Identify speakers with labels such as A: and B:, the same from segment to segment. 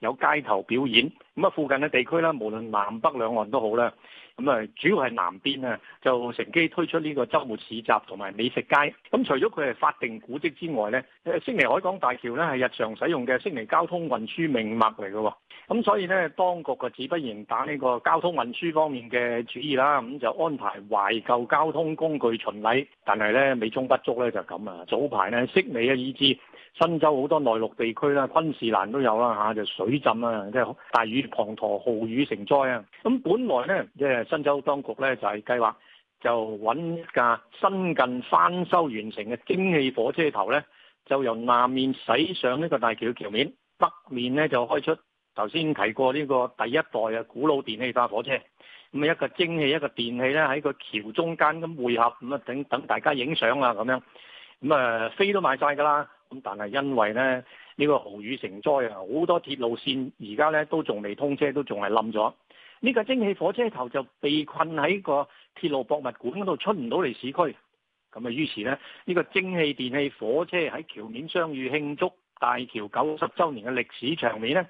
A: 有街頭表演，咁啊，附近嘅地區啦，無論南北兩岸都好啦。咁啊，主要係南邊啊，就乘機推出呢個周末市集同埋美食街。咁除咗佢係法定古蹟之外咧，誒悉尼海港大橋咧係日常使用嘅悉尼交通運輸命脈嚟嘅喎。咁所以咧，當局個只不然打呢個交通運輸方面嘅主意啦，咁就安排懷舊交通工具巡禮，但係咧美中不足咧就咁啊！早排咧，悉尼啊，以至新州好多內陸地區啦，昆士蘭都有啦嚇、啊，就水浸啊，即係大雨滂沱，豪雨成災啊！咁本來咧，即係新州當局咧就係、是、計劃就揾一架新近翻修完成嘅蒸汽火車頭咧，就由南面駛上呢個大橋嘅橋面，北面咧就開出。頭先提過呢個第一代嘅古老電氣化火車，咁啊一個蒸汽一個電氣咧喺個橋中間咁匯合，咁啊等等大家影相啊咁樣，咁啊飛都賣晒噶啦，咁但係因為咧呢個豪雨成災啊，好多鐵路綫而家咧都仲未通車，都仲係冧咗。呢個蒸汽火車頭就被困喺個鐵路博物館嗰度，出唔到嚟市區。咁啊，於是咧呢個蒸汽電氣火車喺橋面相遇慶祝大橋九十週年嘅歷史場面咧。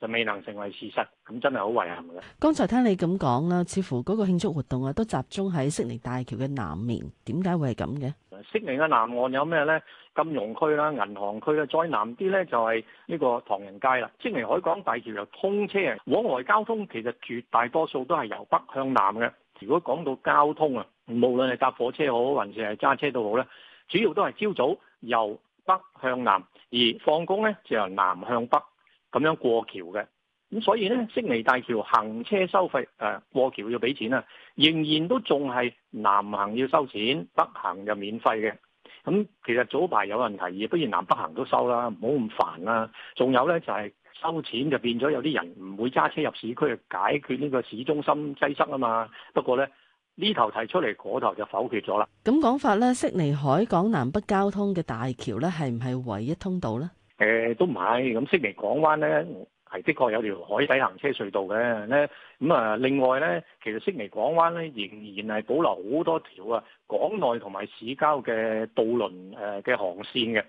A: 就未能成為事實，咁真係好遺憾嘅。
B: 剛才聽你咁講啦，似乎嗰個慶祝活動啊都集中喺悉尼大橋嘅南面，點解會係咁嘅？
A: 悉尼嘅南岸有咩呢？金融區啦、銀行區啦，再南啲呢，就係呢個唐人街啦。悉尼海港大橋又通車，往來交通其實絕大多數都係由北向南嘅。如果講到交通啊，無論係搭火車好還是係揸車都好呢，主要都係朝早由北向南，而放工呢，就由南向北。咁樣過橋嘅，咁所以呢，悉尼大橋行車收費，誒、啊、過橋要俾錢啊，仍然都仲係南行要收錢，北行就免費嘅。咁、嗯、其實早排有人提議，不如南北行都收啦，唔好咁煩啦、啊。仲有呢，就係、是、收錢就變咗有啲人唔會揸車入市區，去解決呢個市中心擠塞啊嘛。不過呢，呢頭提出嚟，嗰頭就否決咗啦。
B: 咁講法呢，悉尼海港南北交通嘅大橋呢，係唔係唯一通道呢？
A: 誒都唔係，咁悉尼港灣呢，係的確有條海底行車隧道嘅，咁啊，另外呢，其實悉尼港灣呢，仍然係保留好多條啊港內同埋市郊嘅渡輪誒嘅航線嘅，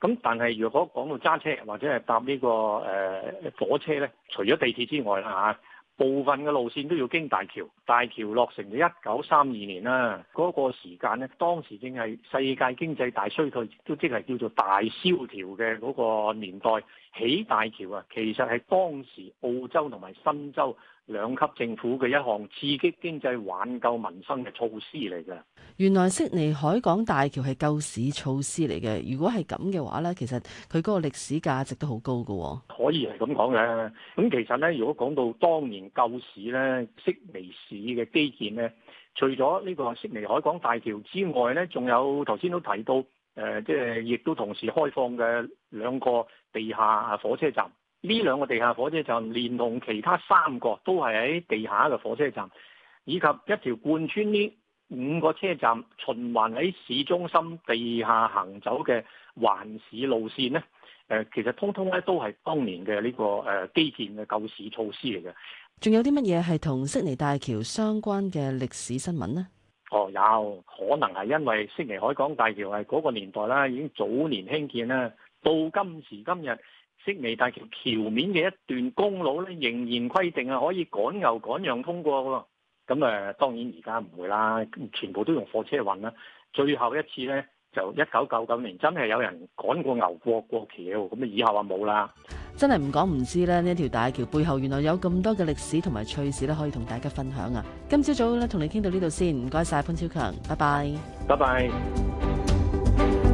A: 咁但係如果講到揸車或者係搭呢個誒火車呢，除咗地鐵之外吓部分嘅路線都要經大橋，大橋落成就一九三二年啦。嗰個時間呢，當時正係世界經濟大衰退，亦都即係叫做大蕭條嘅嗰個年代。起大橋啊，其實係當時澳洲同埋新州，兩級政府嘅一項刺激經濟挽救民生嘅措施嚟嘅。
B: 原來悉尼海港大橋係救市措施嚟嘅。如果係咁嘅話呢，其實佢嗰個歷史價值都好高噶。可
A: 以係咁講嘅。咁其實呢，如果講到當年救市呢，悉尼市嘅基建呢，除咗呢個悉尼海港大橋之外呢，仲有頭先都提到，誒、呃，即係亦都同時開放嘅兩個地下火車站。呢兩個地下火車站，連同其他三個都係喺地下嘅火車站，以及一條貫穿呢五個車站、循環喺市中心地下行走嘅環市路線呢、呃、其實通通咧都係當年嘅呢、呢個、呃、基建嘅救市措施嚟嘅。
B: 仲有啲乜嘢係同悉尼大橋相關嘅歷史新聞呢？
A: 哦，有可能係因為悉尼海港大橋係嗰個年代啦，已經早年興建啦，到今時今日。悉尼大橋橋面嘅一段公路咧，仍然規定啊可以趕牛趕羊通過喎。咁誒，當然而家唔會啦，全部都用貨車運啦。最後一次咧，就一九九九年真係有人趕過牛過過橋，咁啊以後啊冇啦。
B: 真係唔講唔知啦，呢一條大橋背後原來有咁多嘅歷史同埋趣事咧，可以同大家分享啊。今朝早咧同你傾到呢度先，唔該晒，潘昭強，拜拜，
A: 拜拜。